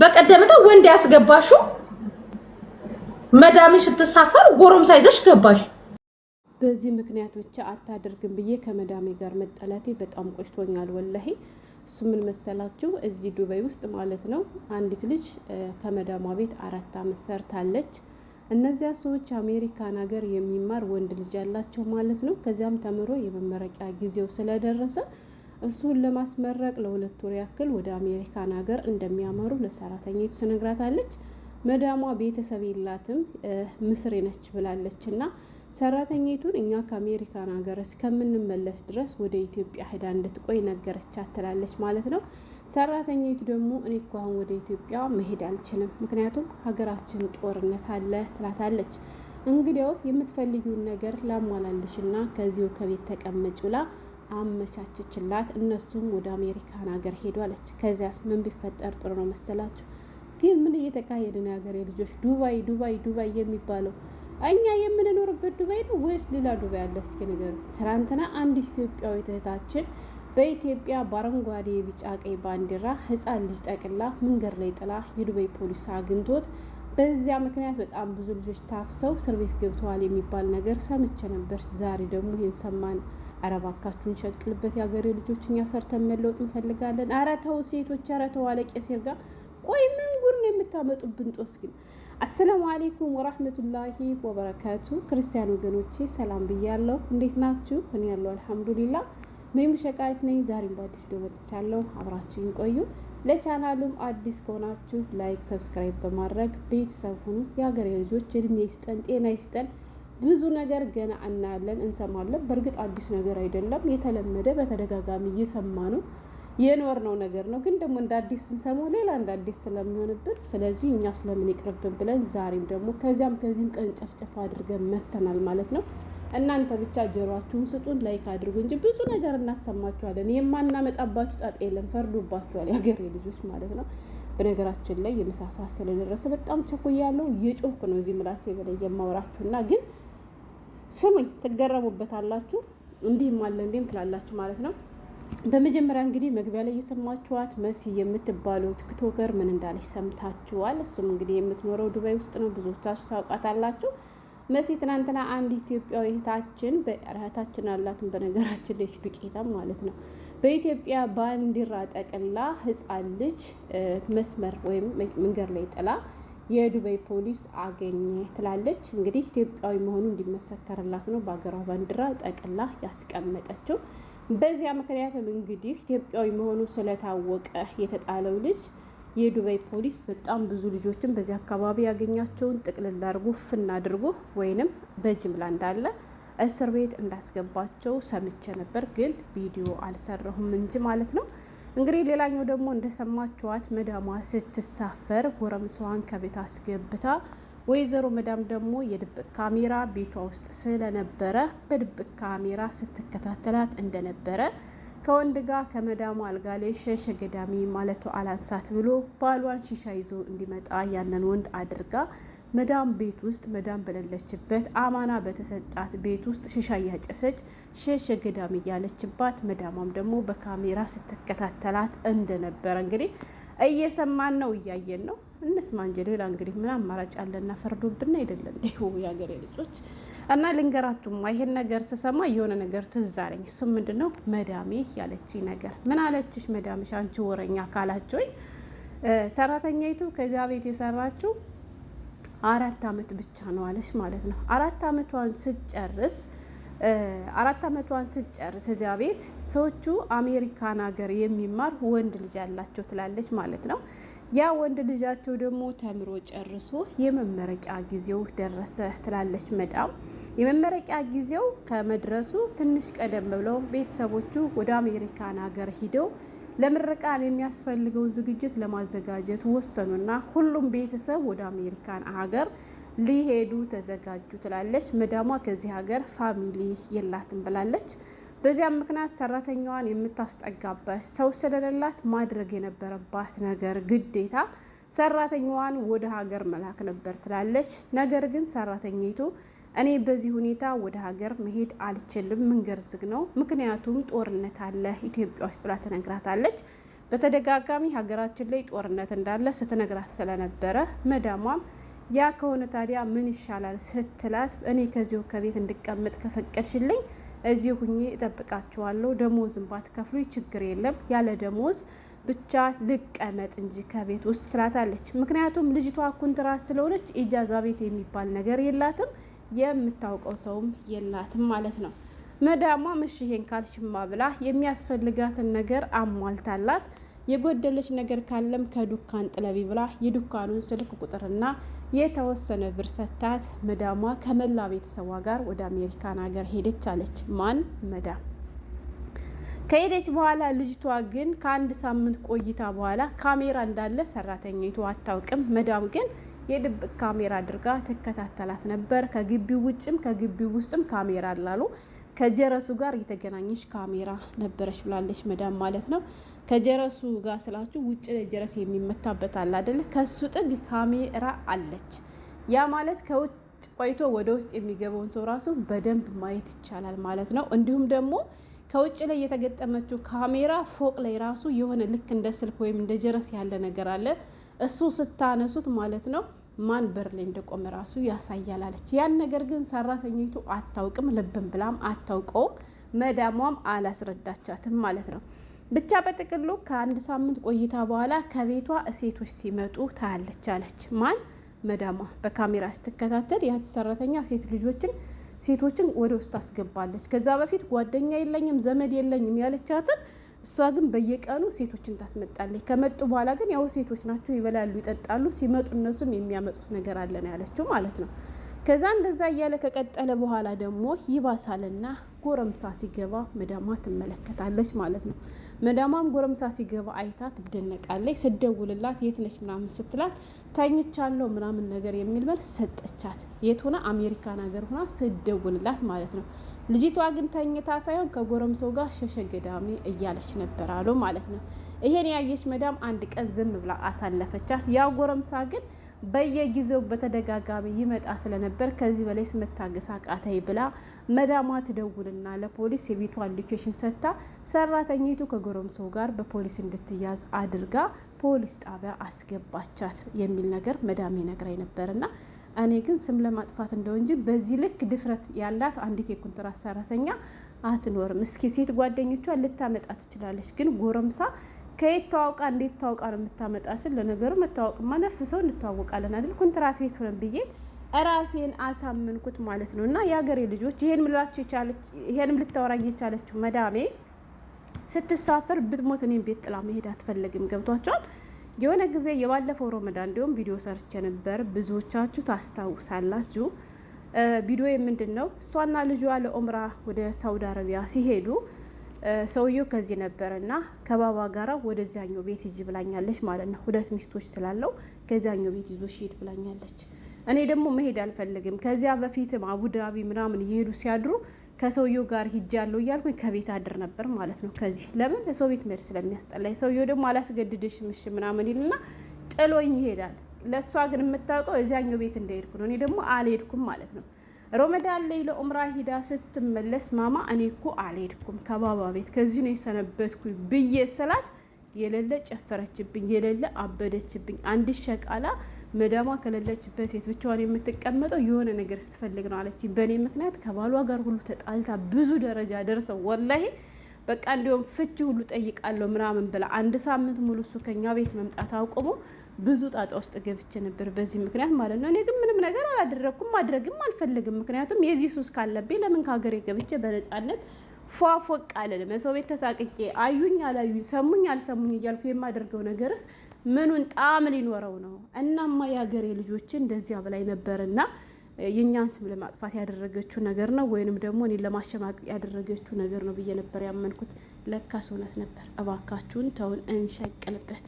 በቀደምታ ወንድ ያስገባሹ መዳሚ ስትሳፈር ጎረምሳ ይዘሽ ገባሽ። በዚህ ምክንያት ብቻ አታደርግም ብዬ ከመዳሜ ጋር መጠላቴ በጣም ቆጭቶኛል ወላሂ። እሱ ምን መሰላችሁ? እዚህ ዱባይ ውስጥ ማለት ነው አንዲት ልጅ ከመዳሟ ቤት አራት አመት ሰርታለች። እነዚያ ሰዎች አሜሪካን ሀገር የሚማር ወንድ ልጅ ያላቸው ማለት ነው። ከዚያም ተምሮ የመመረቂያ ጊዜው ስለደረሰ እሱን ለማስመረቅ ለሁለት ወር ያክል ወደ አሜሪካን ሀገር እንደሚያመሩ ለሰራተኞቹ ትነግራታለች። መዳሟ ቤተሰብ የላትም ምስሬ ነች ብላለች እና ሰራተኝቱን እኛ ከአሜሪካን ሀገር እስከምንመለስ ድረስ ወደ ኢትዮጵያ ሄዳ እንድትቆይ ነገረቻት ትላለች ማለት ነው። ሰራተኝቱ ደግሞ እኔ እኮ አሁን ወደ ኢትዮጵያ መሄድ አልችልም፣ ምክንያቱም ሀገራችን ጦርነት አለ ትላታለች። እንግዲያውስ የምትፈልጊውን ነገር ላሟላልሽ ከዚሁ ከቤት ተቀመጭ ብላ አመቻችችላት። እነሱም ወደ አሜሪካን ሀገር አለች። ከዚያስ ምን ቢፈጠር ጥሩ ነው መሰላችሁ? ግን ምን እየተካሄደ ነው? ሀገሬ ልጆች ዱባይ ዱባይ ዱባይ የሚባለው እኛ የምንኖርበት ዱባይ ነው ወይስ ሌላ ዱባይ አለ? እስኪ ንገሩ። ትናንትና አንድ ኢትዮጵያዊ እህታችን በኢትዮጵያ በአረንጓዴ ቢጫ ቀይ ባንዲራ ህፃን ልጅ ጠቅላ መንገድ ላይ ጥላ የዱባይ ፖሊስ አግኝቶት በዚያ ምክንያት በጣም ብዙ ልጆች ታፍሰው እስር ቤት ገብተዋል የሚባል ነገር ሰምቼ ነበር። ዛሬ ደግሞ ይህን ሰማን። ኧረ እባካችሁን ሸቅልበት የሀገሬ ልጆች፣ እኛ ሰርተን መለወጥ እንፈልጋለን። ኧረ ተው ሴቶች፣ ኧረ ተው አለቄ ሴር ጋር ቆይ፣ ምን ጉር ነው የምታመጡብን ጦስ ግን? አሰላሙ አሌይኩም ወራህመቱላሂ ወበረካቱ። ክርስቲያን ወገኖቼ ሰላም ብያለሁ። እንዴት ናችሁ? እኔ ያለው አልሐምዱሊላ ወይም ሸቃይት ነኝ። ዛሬም በአዲስ ቪዲዮ መጥቻለሁ። አብራችሁን ቆዩ። ለቻናሉም አዲስ ከሆናችሁ ላይክ፣ ሰብስክራይብ በማድረግ ቤተሰብ ሁኑ። የሀገሬ ልጆች እድሜ ይስጠን፣ ጤና ይስጠን። ብዙ ነገር ገና እናያለን፣ እንሰማለን። በእርግጥ አዲስ ነገር አይደለም፣ የተለመደ በተደጋጋሚ እየሰማ ነው የኖር ነው ነገር ነው። ግን ደግሞ እንደ አዲስ ስንሰማው ሌላ እንደ አዲስ ስለሚሆንብን፣ ስለዚህ እኛ ስለምን ይቅርብን ብለን ዛሬም ደግሞ ከዚያም ከዚህም ቀን ጨፍጨፍ አድርገን መተናል ማለት ነው። እናንተ ብቻ ጆሯችሁን ስጡን፣ ላይክ አድርጉ እንጂ ብዙ ነገር እናሰማችኋለን። የማናመጣባችሁ ጣጥ የለም። ፈርዶባችኋል፣ የሀገሬ ልጆች ማለት ነው። በነገራችን ላይ የመሳሳት ስለደረሰ በጣም ቸኩያለሁ፣ እየጮኩ ነው እዚህ ምላሴ በላይ የማወራችሁና ግን ስሙኝ ትገረሙበታላችሁ። እንዲህም አለ እንዲህም ትላላችሁ ማለት ነው። በመጀመሪያ እንግዲህ መግቢያ ላይ የሰማችኋት መሲ የምትባለው ቲክቶከር ምን እንዳለች ሰምታችኋል። እሱም እንግዲህ የምትኖረው ዱባይ ውስጥ ነው። ብዙዎቻችሁ ታውቃታላችሁ። መሲ ትናንትና አንድ ኢትዮጵያዊ እህታችን እህታችን አላትን በነገራችን ልጅ ዱቄታም ማለት ነው በኢትዮጵያ ባንዲራ ጠቅላ ህፃን ልጅ መስመር ወይም መንገድ ላይ ጥላ የዱባይ ፖሊስ አገኘ ትላለች። እንግዲህ ኢትዮጵያዊ መሆኑ እንዲመሰከርላት ነው በሀገሯ ባንዲራ ጠቅላ ያስቀመጠችው። በዚያ ምክንያትም እንግዲህ ኢትዮጵያዊ መሆኑ ስለታወቀ የተጣለው ልጅ የዱባይ ፖሊስ በጣም ብዙ ልጆችን በዚህ አካባቢ ያገኛቸውን ጥቅልል አድርጎ ፍና አድርጎ ወይንም በጅምላ እንዳለ እስር ቤት እንዳስገባቸው ሰምቼ ነበር፣ ግን ቪዲዮ አልሰራሁም እንጂ ማለት ነው። እንግዲህ ሌላኛው ደግሞ እንደሰማችኋት መዳሟ ስትሳፈር ጎረምሷን ከቤት አስገብታ ወይዘሮ መዳም ደግሞ የድብቅ ካሜራ ቤቷ ውስጥ ስለነበረ በድብቅ ካሜራ ስትከታተላት እንደነበረ ከወንድ ጋር ከመዳሙ አልጋ ላይ ሸሸ ገዳሚ ማለቱ አላንሳት ብሎ ባሏን ሺሻ ይዞ እንዲመጣ ያንን ወንድ አድርጋ መዳም ቤት ውስጥ መዳም በሌለችበት አማና በተሰጣት ቤት ውስጥ ሽሻ እያጨሰች ሸሸ ገዳም እያለችባት መዳሟም ደግሞ በካሜራ ስትከታተላት እንደነበረ እንግዲህ እየሰማን ነው፣ እያየን ነው። እንስማ እንጂ ሌላ እንግዲህ ምን አማራጭ አለና ፈርዶብን አይደለም እንዲ የሀገሬ ልጆች እና ልንገራችሁማ፣ ይሄን ነገር ስሰማ የሆነ ነገር ትዝ አለኝ። እሱም ምንድን ነው መዳሜ ያለችኝ ነገር። ምን አለችሽ መዳምሽ አንቺ ወረኛ ካላችሁኝ፣ ሰራተኛይቱ ከዚያ ቤት የሰራችው አራት አመት ብቻ ነው አለች ማለት ነው። አራት አመቷን ስጨርስ አራት አመቷን ስጨርስ እዚያ ቤት ሰዎቹ አሜሪካን ሀገር የሚማር ወንድ ልጅ ያላቸው ትላለች ማለት ነው። ያ ወንድ ልጃቸው ደግሞ ተምሮ ጨርሶ የመመረቂያ ጊዜው ደረሰ ትላለች መዳም የመመረቂያ ጊዜው ከመድረሱ ትንሽ ቀደም ብለው ቤተሰቦቹ ወደ አሜሪካን ሀገር ሂደው ለምረቃን የሚያስፈልገውን ዝግጅት ለማዘጋጀት ወሰኑና ሁሉም ቤተሰብ ወደ አሜሪካን ሀገር ሊሄዱ ተዘጋጁ ትላለች። መዳሟ ከዚህ ሀገር ፋሚሊ የላትም ብላለች። በዚያም ምክንያት ሰራተኛዋን የምታስጠጋበት ሰው ስለሌላት ማድረግ የነበረባት ነገር ግዴታ ሰራተኛዋን ወደ ሀገር መላክ ነበር ትላለች። ነገር ግን ሰራተኛይቱ እኔ በዚህ ሁኔታ ወደ ሀገር መሄድ አልችልም፣ መንገድ ዝግ ነው፣ ምክንያቱም ጦርነት አለ ኢትዮጵያ ውስጥ ብላ ትነግራታለች። በተደጋጋሚ ሀገራችን ላይ ጦርነት እንዳለ ስትነግራት ስለነበረ መዳሟም ያ ከሆነ ታዲያ ምን ይሻላል ስትላት፣ እኔ ከዚሁ ከቤት እንድቀመጥ ከፈቀድሽልኝ እዚ ሁኜ እጠብቃችኋለሁ፣ ደሞዝም ባትከፍሉ ችግር የለም፣ ያለ ደሞዝ ብቻ ልቀመጥ እንጂ ከቤት ውስጥ ትላታለች። ምክንያቱም ልጅቷ ኩንትራት ስለሆነች ኢጃዛ ቤት የሚባል ነገር የላትም። የምታውቀው ሰውም የላትም ማለት ነው። መዳሟ እሺ ይሄን ካልሽማ ብላ የሚያስፈልጋትን ነገር አሟልታላት የጎደለች ነገር ካለም ከዱካን ጥለቢ ብላ የዱካኑን ስልክ ቁጥርና የተወሰነ ብር ሰታት መዳሟ ከመላ ቤተሰቧ ጋር ወደ አሜሪካን ሀገር ሄደች አለች። ማን መዳም ከሄደች በኋላ ልጅቷ ግን ከአንድ ሳምንት ቆይታ በኋላ ካሜራ እንዳለ ሰራተኛይቱ አታውቅም። መዳም ግን የድብቅ ካሜራ አድርጋ ትከታተላት ነበር። ከግቢው ውጭም ከግቢው ውስጥም ካሜራ አላሉ። ከጀረሱ ጋር የተገናኘች ካሜራ ነበረች ብላለች መዳም ማለት ነው። ከጀረሱ ጋር ስላችሁ ውጭ ጀረስ የሚመታበት አለ አይደለ? ከሱ ጥግ ካሜራ አለች። ያ ማለት ከውጭ ቆይቶ ወደ ውስጥ የሚገባውን ሰው ራሱ በደንብ ማየት ይቻላል ማለት ነው። እንዲሁም ደግሞ ከውጭ ላይ የተገጠመችው ካሜራ ፎቅ ላይ ራሱ የሆነ ልክ እንደ ስልክ ወይም እንደ ጀረስ ያለ ነገር አለ እሱ ስታነሱት ማለት ነው ማን በር ላይ እንደቆመ ራሱ ያሳያል አለች። ያን ነገር ግን ሰራተኞቱ አታውቅም፣ ልብም ብላም አታውቀውም፣ መዳሟም አላስረዳቻትም ማለት ነው። ብቻ በጥቅሉ ከአንድ ሳምንት ቆይታ በኋላ ከቤቷ እሴቶች ሲመጡ ታያለች አለች። ማን መዳሟ በካሜራ ስትከታተል ያቺ ሰራተኛ ሴት ልጆችን ሴቶችን ወደ ውስጥ አስገባለች። ከዛ በፊት ጓደኛ የለኝም ዘመድ የለኝም ያለቻትን እሷ ግን በየቀኑ ሴቶችን ታስመጣለች። ከመጡ በኋላ ግን ያው ሴቶች ናቸው፣ ይበላሉ፣ ይጠጣሉ። ሲመጡ እነሱም የሚያመጡት ነገር አለ ነው ያለችው ማለት ነው። ከዛ እንደዛ እያለ ከቀጠለ በኋላ ደግሞ ይባሳልና ጎረምሳ ሲገባ መዳሟ ትመለከታለች ማለት ነው። መዳሟም ጎረምሳ ሲገባ አይታ ትደነቃለች። ስደውልላት የት ነች ምናምን ስትላት ተኝቻለሁ ምናምን ነገር የሚል መልስ ሰጠቻት። የት ሆነ? አሜሪካን ሀገር ሆና ስደውልላት ማለት ነው። ልጅቷ ግን ተኝታ ሳይሆን ከጎረምሶ ጋር ገዳሜ እያለች ነበር አሉ ማለት ነው። ይሄን ያየች መዳም አንድ ቀን ዝም ብላ አሳለፈቻት። ያው ጎረምሳ ግን በየጊዜው በተደጋጋሚ ይመጣ ስለነበር ከዚህ በላይ ስመታገስ አቃተኝ ብላ መዳሟ ትደውልና ለፖሊስ የቤቷን ሎኬሽን ሰጥታ ሰራተኝቱ ከጎረምሶው ጋር በፖሊስ እንድትያዝ አድርጋ ፖሊስ ጣቢያ አስገባቻት የሚል ነገር መዳሜ ነግራኝ ነበርና እኔ ግን ስም ለማጥፋት እንደው እንጂ በዚህ ልክ ድፍረት ያላት አንዲት የኮንትራት ሰራተኛ አትኖርም። እስኪ ሴት ጓደኞቿ ልታመጣ ትችላለች፣ ግን ጎረምሳ ከየት ተዋውቃ እንዴት ተዋውቃ ነው የምታመጣ ስል ለነገሩ መታወቅማ ነፍ ሰው እንተዋወቃለን አይደል? ኮንትራት ቤት ሆነን ብዬ እራሴን አሳመንኩት ማለት ነው። እና የሀገሬ ልጆች ይሄን ልላችሁ የቻለች ይሄንም ልታወራኝ የቻለችው መዳሜ ስትሳፈር ብትሞት እኔን ቤት ጥላ መሄድ አትፈልግም። ገብቷቸዋል። የሆነ ጊዜ የባለፈው ረመዳን እንዲሁም ቪዲዮ ሰርቼ ነበር። ብዙዎቻችሁ ታስታውሳላችሁ። ቪዲዮ የምንድን ነው? እሷና ልጇ ለኦምራ ወደ ሳውዲ አረቢያ ሲሄዱ ሰውየው ከዚህ ነበር እና ከባባ ጋራ ወደዚያኛው ቤት ይዤ ብላኛለች ማለት ነው። ሁለት ሚስቶች ስላለው ከዚያኛው ቤት ይዞ ሂድ ብላኛለች። እኔ ደግሞ መሄድ አልፈልግም። ከዚያ በፊትም አቡዳቢ ምናምን እየሄዱ ሲያድሩ ከሰውየው ጋር ሂጅ ያለው እያልኩኝ ከቤት አድር ነበር ማለት ነው። ከዚህ ለምን ሰው ቤት መሄድ ስለሚያስጠላኝ፣ ሰውየው ደግሞ አላስገድድሽ ምሽ ምናምን ይልና ጥሎኝ ይሄዳል። ለእሷ ግን የምታውቀው እዚያኛው ቤት እንደሄድኩ ነው። እኔ ደግሞ አልሄድኩም ማለት ነው። ሮመዳን ላይ ለኡምራ ሂዳ ስትመለስ ማማ እኔ እኮ አልሄድኩም ከባባ ቤት ከዚህ ነው የሰነበትኩ ብዬ ስላት የሌለ ጨፈረችብኝ፣ የሌለ አበደችብኝ። አንድ ሸቃላ መዳሟ ከሌለችበት ቤት ብቻዋን የምትቀመጠው የሆነ ነገር ስትፈልግ ነው አለች። በእኔ ምክንያት ከባሏ ጋር ሁሉ ተጣልታ ብዙ ደረጃ ደርሰው ወላሂ በቃ እንዲሁም ፍቺ ሁሉ ጠይቃለሁ ምናምን ብላ አንድ ሳምንት ሙሉ እሱ ከኛ ቤት መምጣት አቁሞ ብዙ ጣጣ ውስጥ ገብቼ ነበር በዚህ ምክንያት ማለት ነው። እኔ ግን ምንም ነገር አላደረግኩም፣ ማድረግም አልፈልግም። ምክንያቱም የዚህ ሱስ ካለብኝ ለምን ከሀገሬ ገብቼ በነፃነት ፏፎቅ አልልም። ሰው ቤት ተሳቅቄ አዩኝ አላዩኝ፣ ሰሙኝ አልሰሙኝ እያልኩ የማደርገው ነገርስ ምኑን ጣዕም ሊኖረው ነው? እናማ የሀገሬ ልጆች እንደዚያ በላይ ነበርና የእኛን ስም ለማጥፋት ያደረገችው ነገር ነው ወይንም ደግሞ እኔን ለማሸማቀቅ ያደረገችው ነገር ነው ብዬ ነበር ያመንኩት። ለካስ እውነት ነበር። እባካችሁን ተውን፣ እንሸቅልበት።